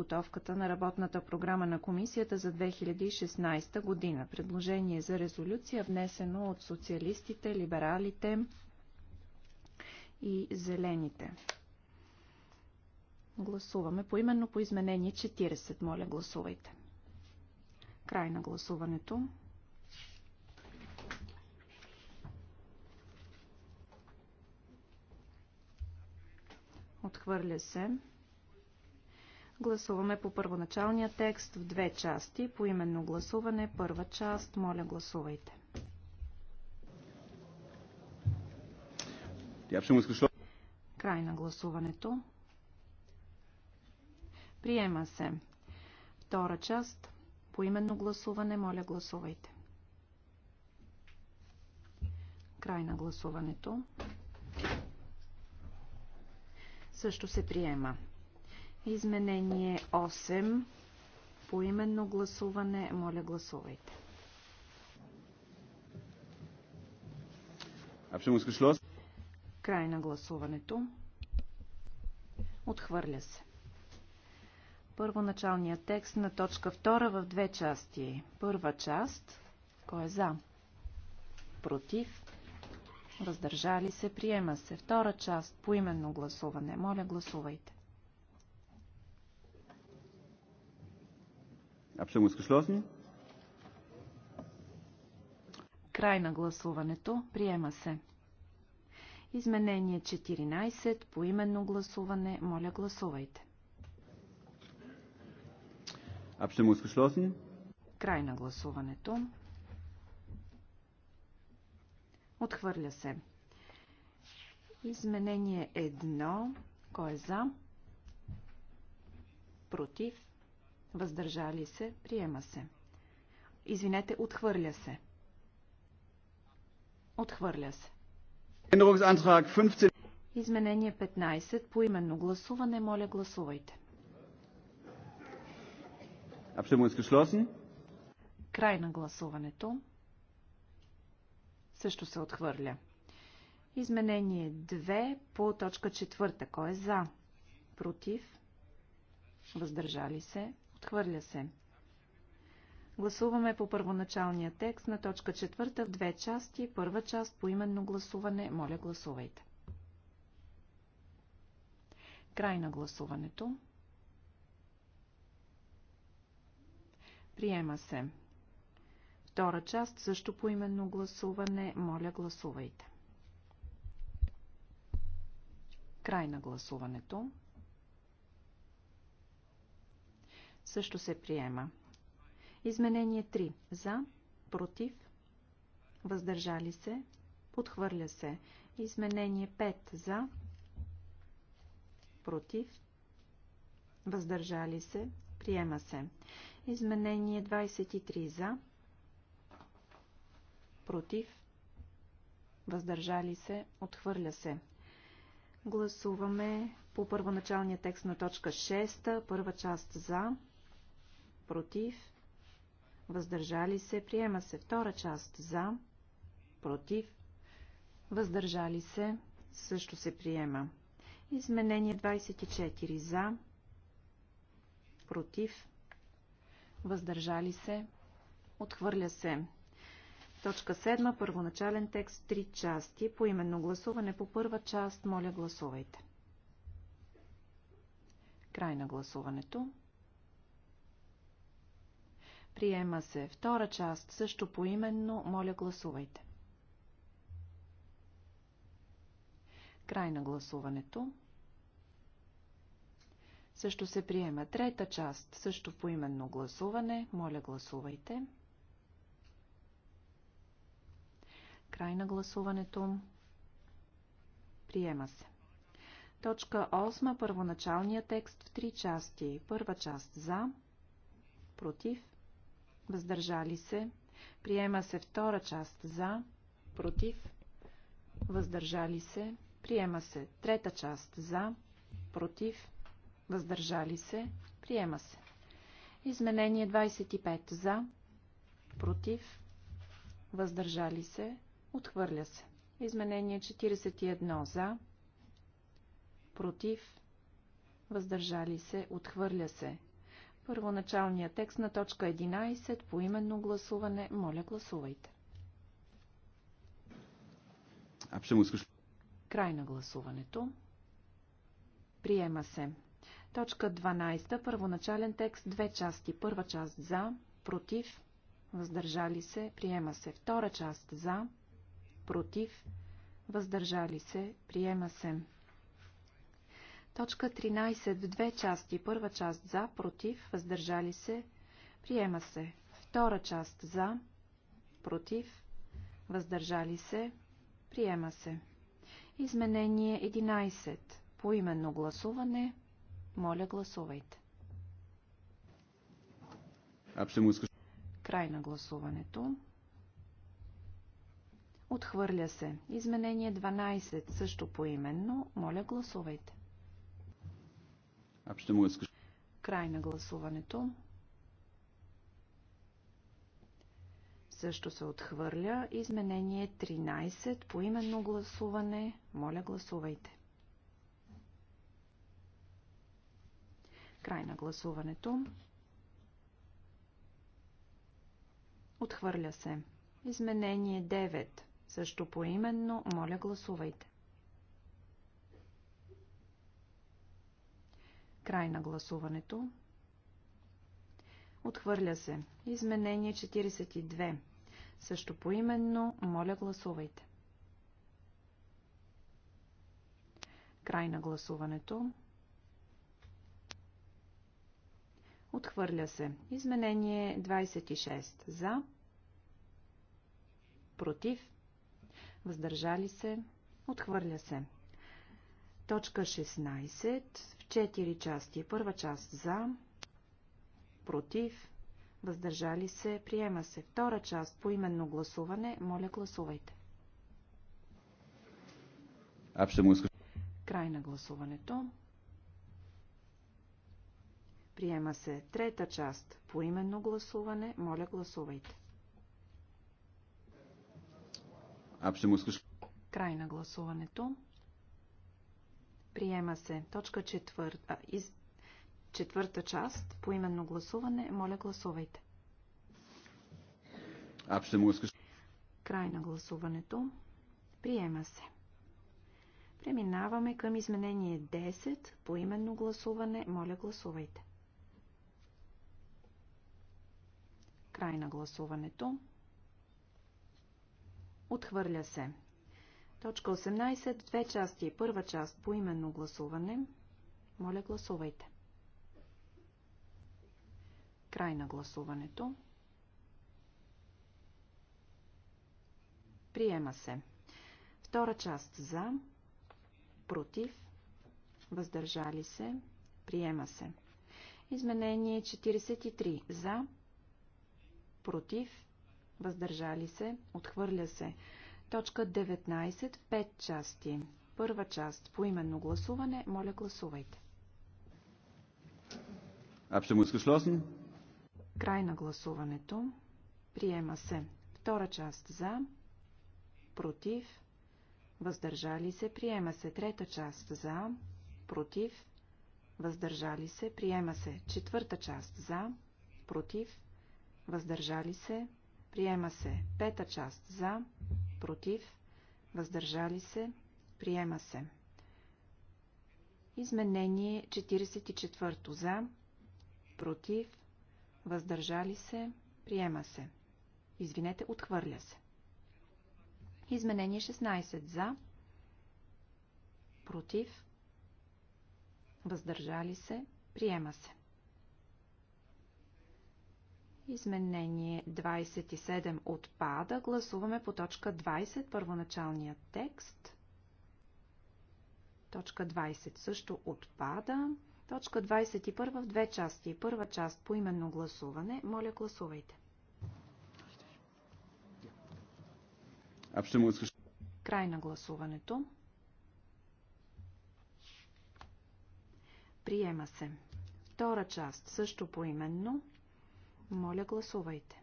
подготовката на работната програма на комисията за 2016 година. Предложение за резолюция внесено от социалистите, либералите и зелените. Гласуваме по именно по изменение 40. Моля, гласувайте. Край на гласуването. Отхвърля се. Гласуваме по първоначалния текст в две части. По именно гласуване, първа част. Моля, гласувайте. Край на гласуването. Приема се. Втора част. По именно гласуване, моля, гласувайте. Край на гласуването. Също се приема. Изменение 8. По именно гласуване. Моля, гласувайте. Край на гласуването. Отхвърля се. Първоначалният текст на точка 2 в две части. Първа част. Кой е за? Против. Въздържали се. Приема се. Втора част. Поименно гласуване. Моля, гласувайте. Abstimmung ist geschlossen. Край на гласуването. Приема се. Изменение 14. По именно гласуване. Моля, гласувайте. Abstimmung ist geschlossen. Край на гласуването. Отхвърля се. Изменение 1. Кой е за? Против? въздържали се, приема се. Извинете, отхвърля се. Отхвърля се. Изменение 15 по именно гласуване. Моля, гласувайте. Е Край на гласуването. Също се отхвърля. Изменение 2 по точка 4. Кой е за? Против? Въздържали се? Отхвърля се. Гласуваме по първоначалния текст на точка четвърта в две части. Първа част по именно гласуване. Моля, гласувайте. Край на гласуването. Приема се. Втора част също по именно гласуване. Моля, гласувайте. Край на гласуването. също се приема. Изменение 3. За, против, въздържали се, подхвърля се. Изменение 5. За, против, въздържали се, приема се. Изменение 23. За, против, въздържали се, отхвърля се. Гласуваме по първоначалния текст на точка 6, първа част за, против, въздържали се, приема се. Втора част за, против, въздържали се, също се приема. Изменение 24 за, против, въздържали се, отхвърля се. Точка 7. Първоначален текст 3 части. По именно гласуване по първа част. Моля гласувайте. Край на гласуването. Приема се. Втора част, също поименно, моля гласувайте. Край на гласуването. Също се приема трета част, също поименно гласуване, моля гласувайте. Край на гласуването. Приема се. Точка 8. Първоначалния текст в три части. Първа част за, против, въздържали се. Приема се втора част за, против, въздържали се. Приема се трета част за, против, въздържали се. Приема се. Изменение 25 за, против, въздържали се, отхвърля се. Изменение 41 за, против, въздържали се, отхвърля се. Първоначалният текст на точка 11 по именно гласуване. Моля, гласувайте. Край на гласуването. Приема се. Точка 12. Първоначален текст. Две части. Първа част за, против, въздържали се. Приема се. Втора част за, против, въздържали се. Приема се. Точка 13 в две части. Първа част за, против, въздържали се, приема се. Втора част за, против, въздържали се, приема се. Изменение 11. По именно гласуване. Моля, гласувайте. Край на гласуването. Отхвърля се. Изменение 12. Също поименно. Моля, гласувайте. Край на гласуването. Също се отхвърля изменение 13 по именно гласуване. Моля, гласувайте. Край на гласуването. Отхвърля се. Изменение 9. Също поименно, моля гласувайте. Край на гласуването. Отхвърля се. Изменение 42. Също поименно, моля гласувайте. Край на гласуването. Отхвърля се. Изменение 26. За. Против. Въздържали се. Отхвърля се. Точка 16. Четири части. Първа част за, против, въздържали се, приема се. Втора част по именно гласуване. Моля, гласувайте. Край на гласуването. Приема се трета част по именно гласуване. Моля, гласувайте. Край на гласуването. Приема се. Точка четвърта. Из... Четвърта част. По именно гласуване. Моля, гласувайте. Край на гласуването. Приема се. Преминаваме към изменение 10. По именно гласуване. Моля, гласувайте. Край на гласуването. Отхвърля се. Точка 18. Две части. Първа част по именно гласуване. Моля, гласувайте. Край на гласуването. Приема се. Втора част за, против, въздържали се, приема се. Изменение 43 за, против, въздържали се, отхвърля се. Точка 19 пет 5 части. Първа част по именно гласуване. Моля гласувайте. Abstimmungsgeschlossen. Край на гласуването. Приема се. Втора част за. Против. Въздържали се. Приема се. Трета част за. Против. Въздържали се. Приема се. Четвърта част за. Против. Въздържали се. Приема се. Пета част за против, въздържали се, приема се. Изменение 44 за, против, въздържали се, приема се. Извинете, отхвърля се. Изменение 16 за, против, въздържали се, приема се. Изменение 27 отпада. Гласуваме по точка 20, първоначалния текст. Точка 20 също отпада. Точка 21 в две части. Първа част по именно гласуване. Моля, гласувайте. Край на гласуването. Приема се. Втора част също поименно. Моля, гласувайте.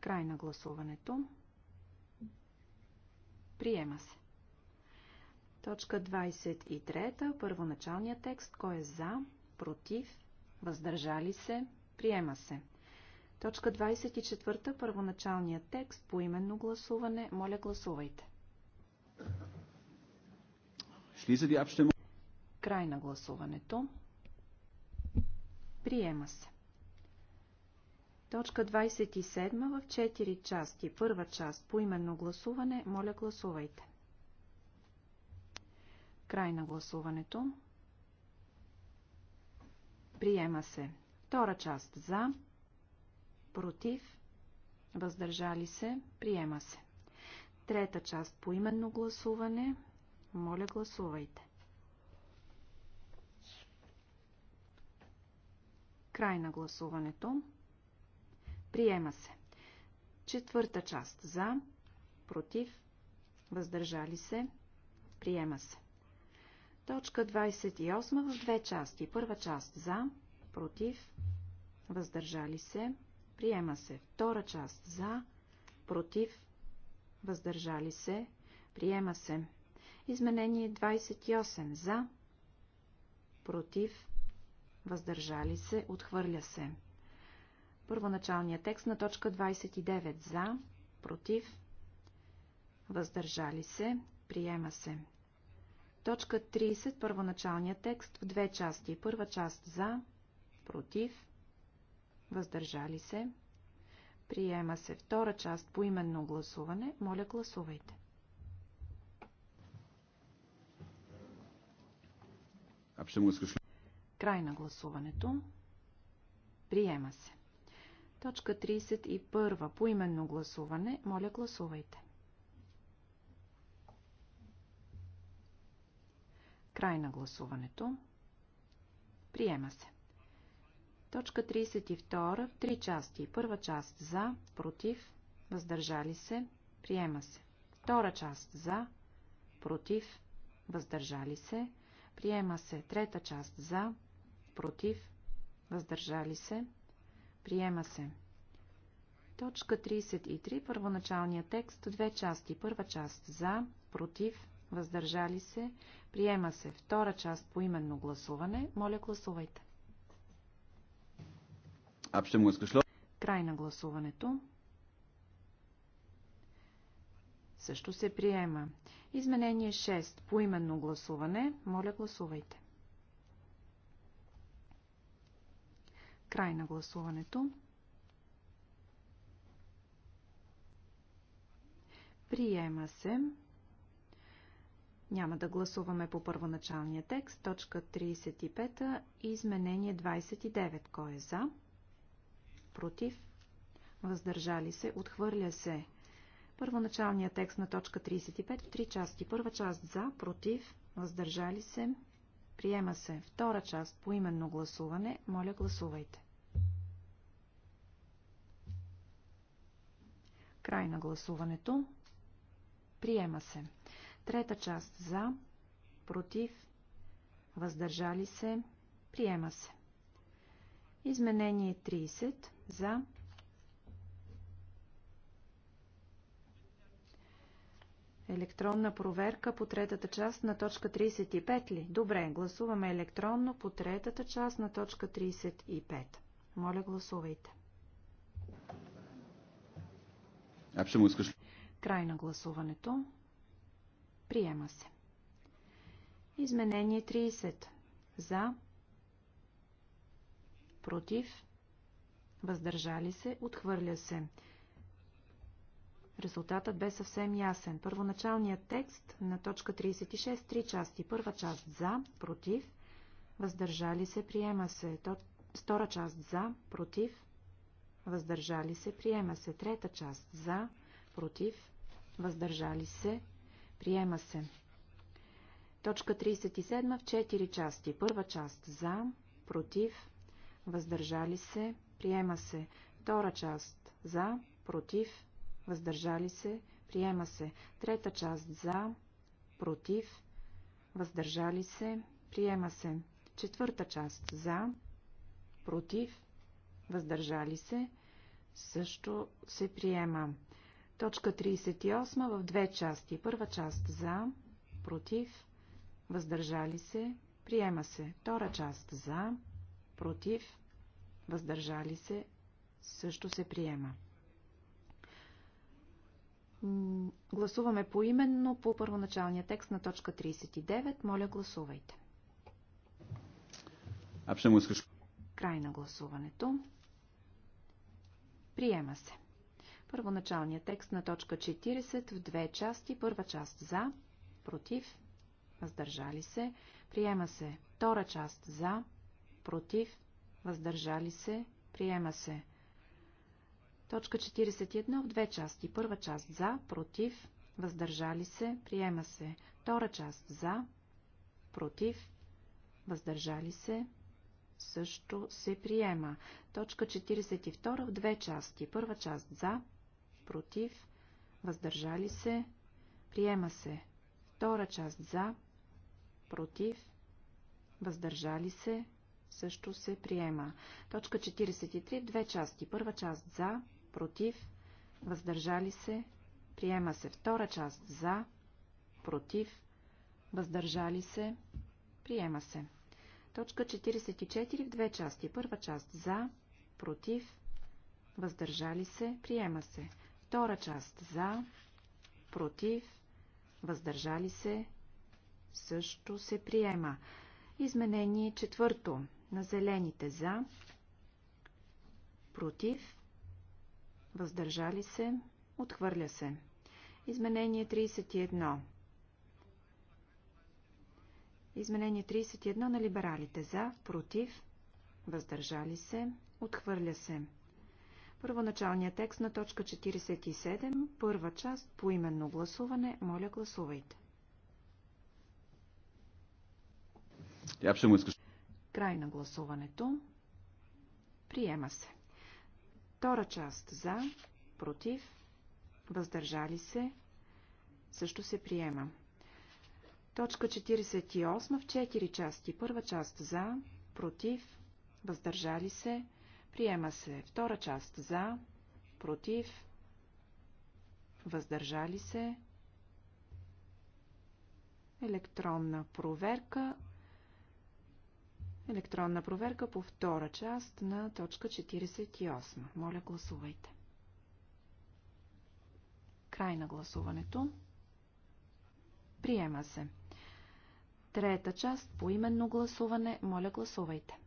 Край на гласуването. Приема се. Точка 23. Първоначалният текст. Кой е за? Против? Въздържали се? Приема се. Точка 24. Първоначалният текст. по именно гласуване. Моля, гласувайте. Шлиза ви абстиму. Край на гласуването. Приема се. Точка 27 в 4 части. Първа част по именно гласуване. Моля гласувайте. Край на гласуването. Приема се. Втора част за. Против. Въздържали се. Приема се. Трета част по именно гласуване. Моля гласувайте. Край на гласуването. Приема се. Четвърта част. За. Против. Въздържали се. Приема се. Точка 28 в две части. Първа част. За. Против. Въздържали се. Приема се. Втора част. За. Против. Въздържали се. Приема се. Изменение 28. За. Против въздържали се, отхвърля се. Първоначалният текст на точка 29 за, против, въздържали се, приема се. Точка 30, първоначалният текст в две части. Първа част за, против, въздържали се, приема се. Втора част по именно гласуване. Моля, гласувайте. Абсолютно Край на гласуването. Приема се. Точка 31. По именно гласуване. Моля, гласувайте. Край на гласуването. Приема се. Точка 32. Три части. Първа част за, против, въздържали се, приема се. Втора част за, против, въздържали се, приема се. Трета част за, против, въздържали се, приема се. Точка 33, първоначалния текст, две части. Първа част за, против, въздържали се, приема се. Втора част по именно гласуване. Моля, гласувайте. Край на гласуването. Също се приема. Изменение 6. По именно гласуване. Моля, гласувайте. Край на гласуването. Приема се. Няма да гласуваме по първоначалния текст. Точка 35. Изменение 29. Кой е за? Против? Въздържали се? Отхвърля се. Първоначалният текст на точка 35 в три части. Първа част за, против, въздържали се, приема се. Втора част по именно гласуване. Моля гласувайте. Край на гласуването. Приема се. Трета част за, против, въздържали се, приема се. Изменение 30 за. Електронна проверка по третата част на точка 35 ли? Добре, гласуваме електронно по третата част на точка 35. Моля, гласувайте. Край на гласуването. Приема се. Изменение 30. За. Против. Въздържали се. Отхвърля се. Резултатът бе съвсем ясен. Първоначалният текст на точка 36, 3 части. Първа част за, против, въздържали се, приема се. втора част за, против, въздържали се, приема се. Трета част за, против, въздържали се, приема се. Точка 37 в 4 части. Първа част за, против, въздържали се, приема се. Втора част за, против, въздържали се, приема се. Трета част за, против, въздържали се, приема се. Четвърта част за, против, въздържали се, също се приема. Точка 38 в две части. Първа част за, против, въздържали се, приема се. Втора част за, против, въздържали се, също се приема. Гласуваме поименно по първоначалния текст на точка 39. Моля, гласувайте. Край на гласуването. Приема се. Първоначалният текст на точка 40 в две части. Първа част за, против, въздържали се. Приема се. Втора част за, против, въздържали се. Приема се. Точка 41 в две части. Първа част за, против, въздържали се. Приема се. Втора част за, против, въздържали се също се приема. Точка 42 в две части. Първа част за, против, въздържали се, приема се. Втора част за, против, въздържали се, също се приема. Точка 43 в две части. Първа част за, против, въздържали се, приема се. Втора част за, против, въздържали се, приема се. Точка 44 в две части. Първа част за, против, въздържали се, приема се. Втора част за, против, въздържали се, също се приема. Изменение четвърто на зелените за, против, въздържали се, отхвърля се. Изменение 31 Изменение 31 на либералите. За, против, въздържали се, отхвърля се. Първоначалният текст на точка 47, първа част, по именно гласуване. Моля, гласувайте. Край на гласуването. Приема се. Втора част за, против, въздържали се, също се приема. Точка 48 в 4 части. Първа част за, против, въздържали се, приема се. Втора част за, против, въздържали се. Електронна проверка. Електронна проверка по втора част на точка 48. Моля, гласувайте. Край на гласуването. Приема се. Трета част по именно гласуване. Моля, гласувайте.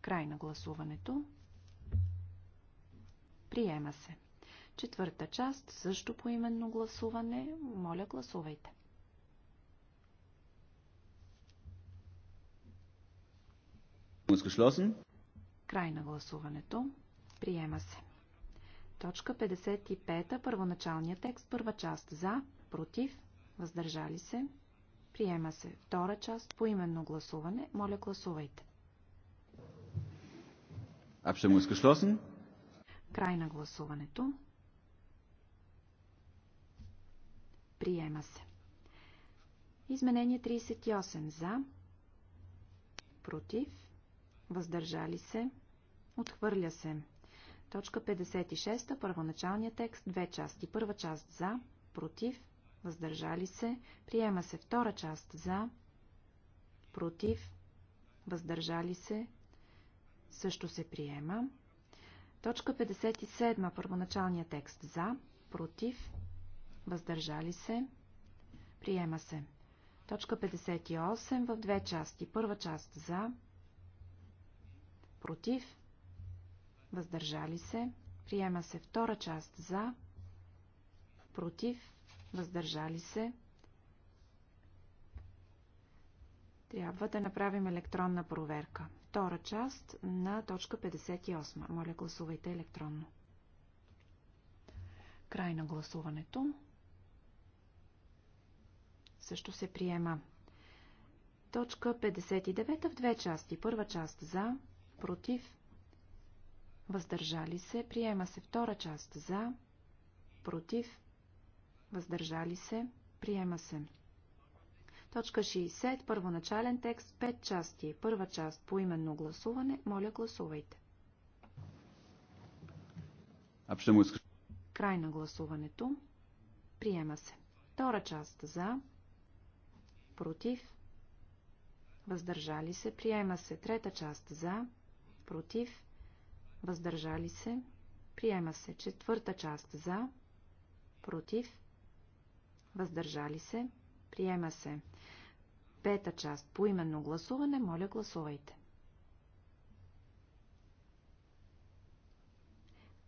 Край на гласуването. Приема се. Четвърта част също по именно гласуване. Моля, гласувайте. Край на гласуването. Приема се. Точка 55. Първоначалния текст. Първа част за, против, въздържали се, приема се. Втора част по именно гласуване. Моля, гласувайте. Abstimmung ist е Край на гласуването. Приема се. Изменение 38 за, против, въздържали се, отхвърля се. Точка 56, първоначалния текст, две части. Първа част за, против, въздържали се, приема се втора част за, против, въздържали се, също се приема. Точка 57, първоначалния текст за, против, въздържали се, приема се. Точка 58 в две части. Първа част за, против, въздържали се, приема се втора част за, против, въздържали се. Трябва да направим електронна проверка. Втора част на точка 58. Моля, гласувайте електронно. Край на гласуването. Също се приема. Точка 59 в две части. Първа част за, против, въздържали се. Приема се втора част за, против, въздържали се, приема се. Точка 60, първоначален текст, пет части. Първа част по именно гласуване. Моля, гласувайте. Край на гласуването. Приема се. Втора част за, против, въздържали се. Приема се. Трета част за, против, въздържали се. Приема се. Четвърта част за, против, въздържали се, приема се. Пета част по именно гласуване, моля гласувайте.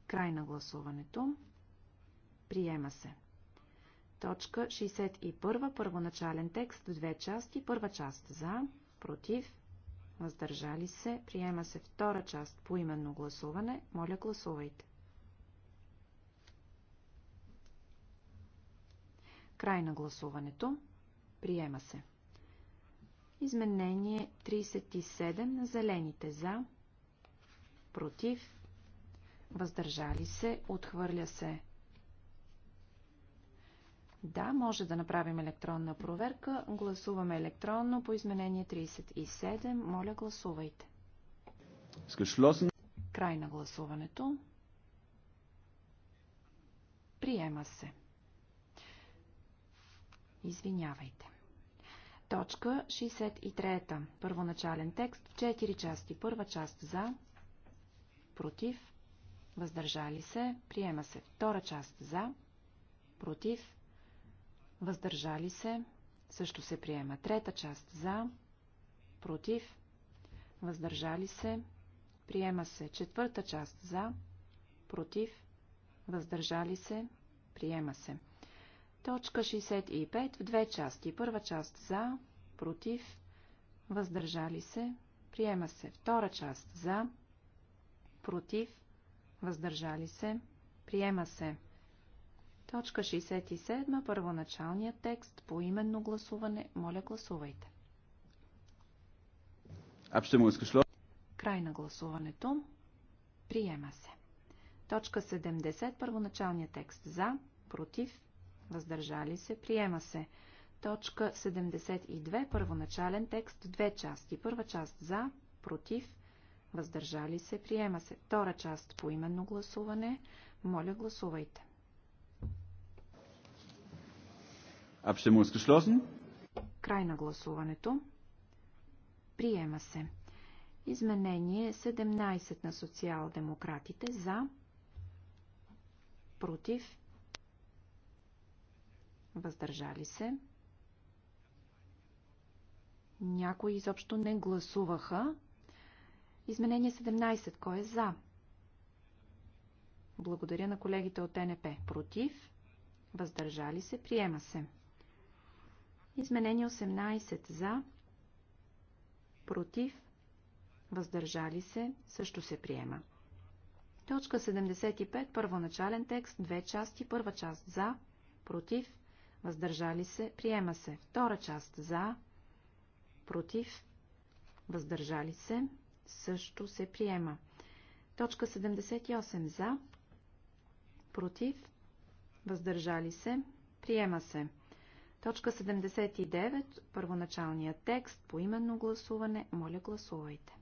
Край на гласуването. Приема се. Точка 61. Първоначален текст. Две части. Първа част за, против, въздържали се. Приема се втора част по именно гласуване. Моля гласувайте. Край на гласуването. Приема се. Изменение 37 на зелените за, против, въздържали се, отхвърля се. Да, може да направим електронна проверка. Гласуваме електронно по изменение 37. Моля, гласувайте. Скъшлосен. Край на гласуването. Приема се. Извинявайте. Точка 63. Първоначален текст в 4 части. Първа част за, против, въздържали се, приема се. Втора част за, против, въздържали се, също се приема. Трета част за, против, въздържали се, приема се. Четвърта част за, против, въздържали се, приема се. Точка 65 в две части. Първа част за, против, въздържали се, приема се. Втора част за, против, въздържали се, приема се. Точка 67, първоначалният текст, по именно гласуване. Моля, гласувайте. Край на гласуването. Приема се. Точка 70, първоначалният текст за, против, въздържали се, приема се. Точка 72, първоначален текст, две части. Първа част за, против, въздържали се, приема се. Втора част по именно гласуване. Моля, гласувайте. Е Край на гласуването. Приема се. Изменение 17 на социал-демократите за, против, въздържали се. Някои изобщо не гласуваха. Изменение 17. Кой е за? Благодаря на колегите от НП. Против? Въздържали се? Приема се. Изменение 18. За? Против? Въздържали се? Също се приема. Точка 75. Първоначален текст. Две части. Първа част за. Против? въздържали се, приема се. Втора част за, против, въздържали се, също се приема. Точка 78 за, против, въздържали се, приема се. Точка 79, първоначалния текст, по именно гласуване, моля гласувайте.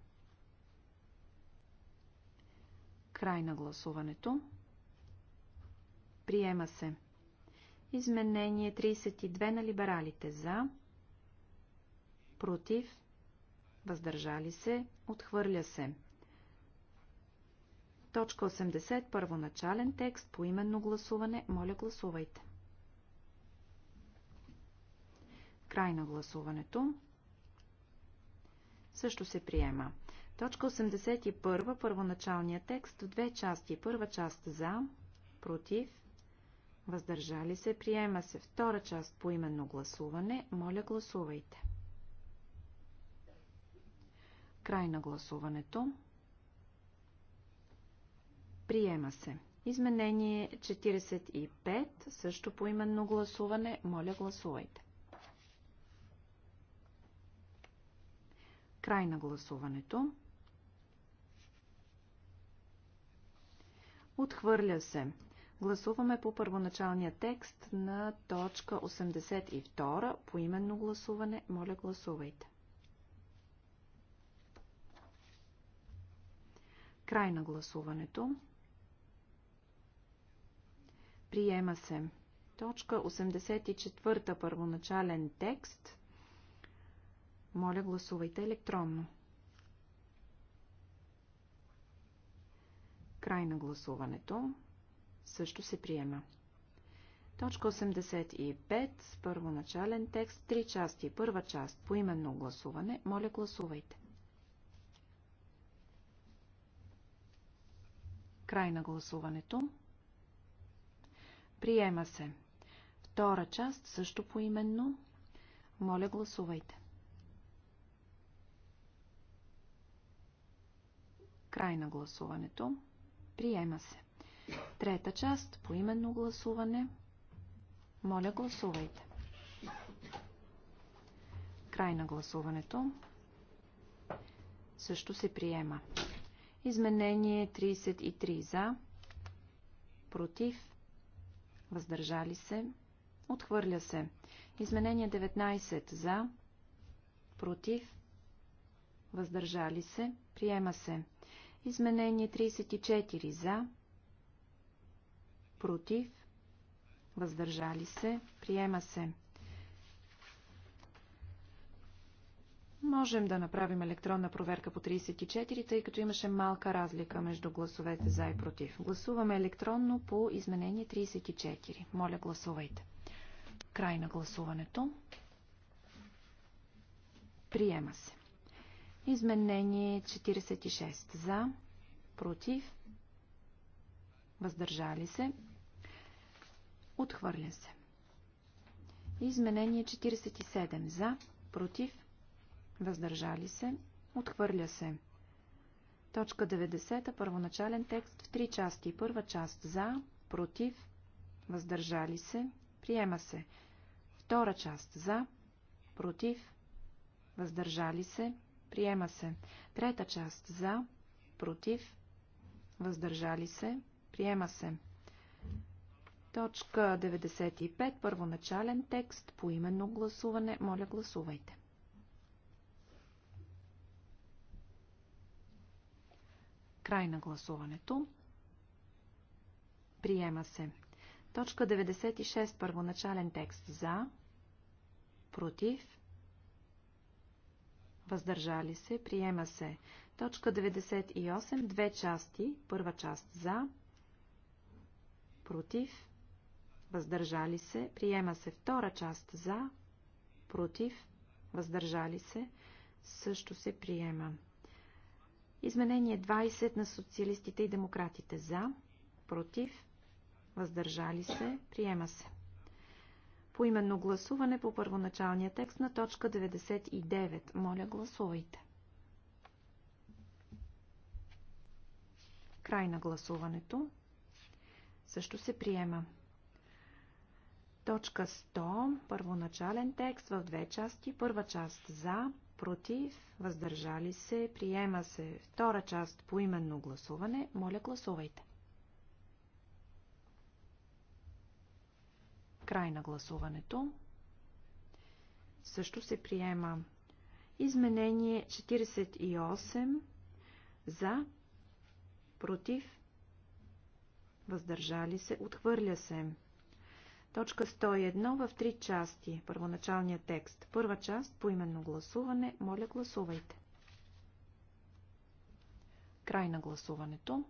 Край на гласуването. Приема се. Изменение 32 на либералите за, против, въздържали се, отхвърля се. Точка 80, първоначален текст, по именно гласуване, моля гласувайте. Край на гласуването. Също се приема. Точка 81, първоначалния текст, в две части. Първа част за, против, Въздържали се, приема се втора част по именно гласуване. Моля, гласувайте. Край на гласуването. Приема се. Изменение 45, също по именно гласуване. Моля, гласувайте. Край на гласуването. Отхвърля се. Гласуваме по първоначалния текст на точка 82 по именно гласуване. Моля, гласувайте. Край на гласуването. Приема се. Точка 84 първоначален текст. Моля, гласувайте електронно. Край на гласуването също се приема. Точка 85, първоначален текст, три части. Първа част, по именно гласуване. Моля, гласувайте. Край на гласуването. Приема се. Втора част, също по именно. Моля, гласувайте. Край на гласуването. Приема се. Трета част по именно гласуване. Моля, гласувайте. Край на гласуването. Също се приема. Изменение 33 за, против, въздържали се, отхвърля се. Изменение 19 за, против, въздържали се, приема се. Изменение 34 за, против, въздържали се, приема се. Можем да направим електронна проверка по 34, тъй като имаше малка разлика между гласовете за и против. Гласуваме електронно по изменение 34. Моля, гласувайте. Край на гласуването. Приема се. Изменение 46 за, против, въздържали се, Отхвърля се. Изменение 47. За, против, въздържали се, отхвърля се. Точка 90. Първоначален текст в три части. Първа част за, против, въздържали се, приема се. Втора част за, против, въздържали се, приема се. Трета част за, против, въздържали се, приема се. Точка 95, първоначален текст, по именно гласуване. Моля, гласувайте. Край на гласуването. Приема се. Точка 96, първоначален текст за, против, въздържали се, приема се. Точка 98, две части, първа част за, против, въздържали се, приема се втора част за, против, въздържали се, също се приема. Изменение 20 на социалистите и демократите за, против, въздържали се, приема се. По именно гласуване по първоначалния текст на точка 99. Моля, гласувайте. Край на гласуването. Също се приема. Точка 100, първоначален текст в две части. Първа част за, против, въздържали се, приема се. Втора част по именно гласуване. Моля, гласувайте. Край на гласуването. Също се приема изменение 48 за, против, въздържали се, отхвърля се. Точка 101 в три части. Първоначалния текст. Първа част по именно гласуване. Моля, гласувайте. Край на гласуването.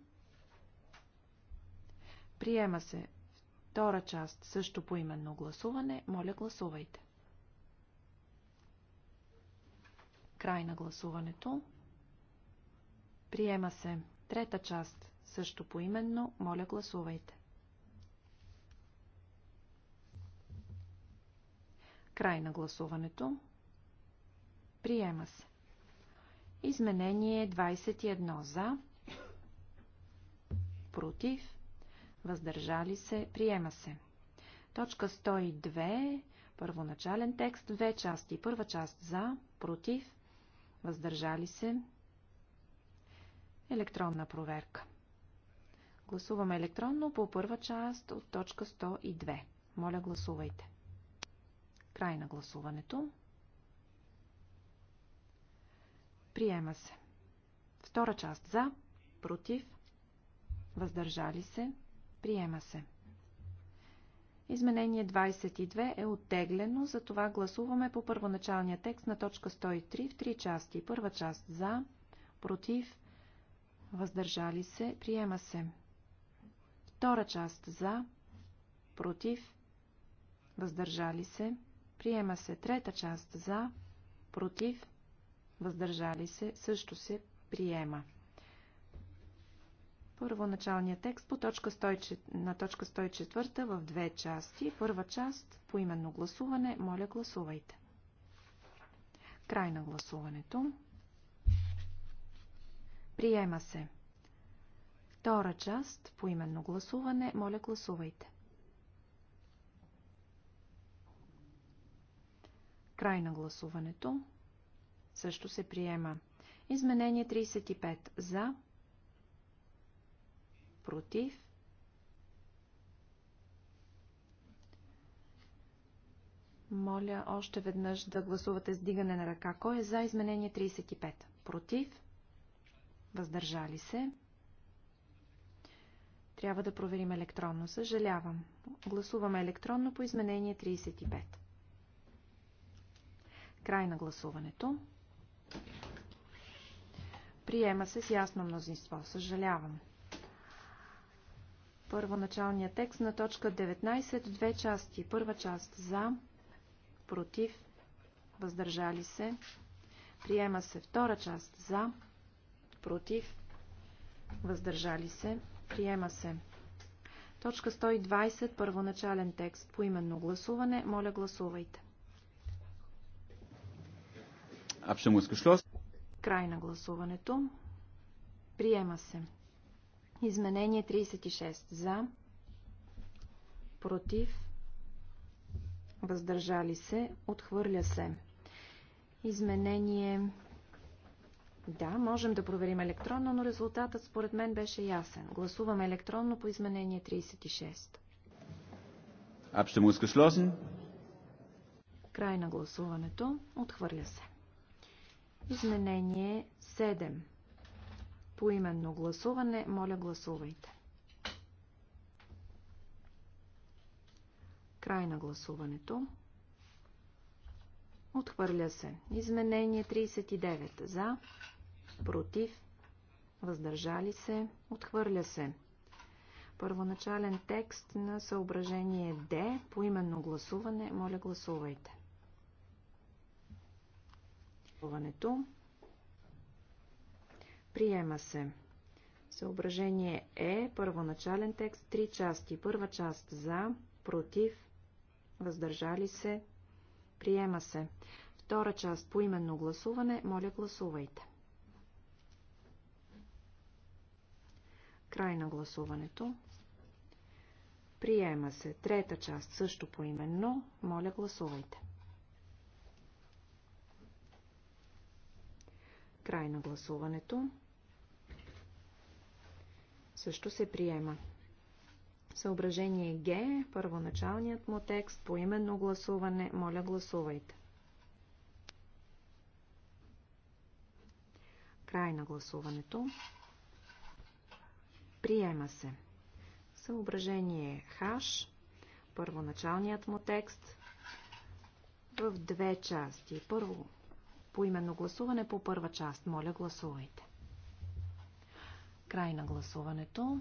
Приема се. Втора част също по именно гласуване. Моля, гласувайте. Край на гласуването. Приема се. Трета част също по именно. Моля, гласувайте. Край на гласуването. Приема се. Изменение 21 за. Против. Въздържали се. Приема се. Точка 102. Първоначален текст. Две части. Първа част за. Против. Въздържали се. Електронна проверка. Гласуваме електронно по първа част от точка 102. Моля, гласувайте. Край на гласуването. Приема се. Втора част за, против, въздържали се, приема се. Изменение 22 е оттеглено, затова гласуваме по първоначалния текст на точка 103 в три части. Първа част за, против, въздържали се, приема се. Втора част за, против, въздържали се, Приема се трета част за, против, въздържали се, също се приема. Първоначалният текст по точка 100, на точка 104 в две части. Първа част по именно гласуване. Моля, гласувайте. Край на гласуването. Приема се. Втора част по именно гласуване. Моля, гласувайте. Край на гласуването. Също се приема. Изменение 35. За. Против. Моля още веднъж да гласувате с дигане на ръка. Кой е за изменение 35? Против? Въздържали се? Трябва да проверим електронно. Съжалявам. Гласуваме електронно по изменение 35. Край на гласуването. Приема се с ясно мнозинство. Съжалявам. Първоначалният текст на точка 19 в две части. Първа част за, против, въздържали се. Приема се втора част за, против, въздържали се. Приема се. Точка 120, първоначален текст по именно гласуване. Моля гласувайте. Край на гласуването. Приема се. Изменение 36. За. Против. Въздържали се. Отхвърля се. Изменение... Да, можем да проверим електронно, но резултатът според мен беше ясен. Гласуваме електронно по изменение 36. Abstimmung Край на гласуването. Отхвърля се. Изменение 7. Поименно гласуване. Моля, гласувайте. Край на гласуването. Отхвърля се. Изменение 39. За. Против. Въздържали се. Отхвърля се. Първоначален текст на съображение Д. Поименно гласуване. Моля, гласувайте гласуването. Приема се. Съображение е първоначален текст, три части. Първа част за, против, въздържали се, приема се. Втора част по именно гласуване, моля гласувайте. Край на гласуването. Приема се. Трета част също по именно, моля гласувайте. Край на гласуването. Също се приема. Съображение Г. Първоначалният му текст по именно гласуване. Моля, гласувайте. Край на гласуването. Приема се. Съображение Х. Първоначалният му текст в две части. Първо по именно гласуване по първа част. Моля, гласувайте. Край на гласуването.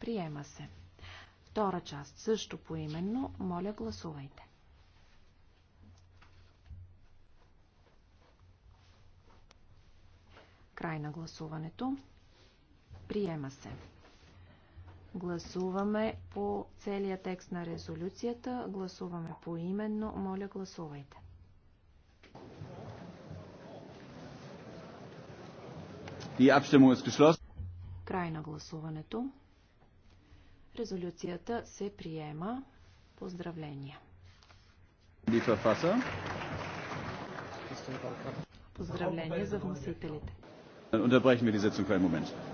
Приема се. Втора част също по именно. Моля, гласувайте. Край на гласуването. Приема се. Гласуваме по целия текст на резолюцията. Гласуваме по именно. Моля, гласувайте. Die Край на гласуването. Резолюцията се приема. Поздравления. Поздравления за вносителите. Unterbrechen wir die Sitzung für einen Moment.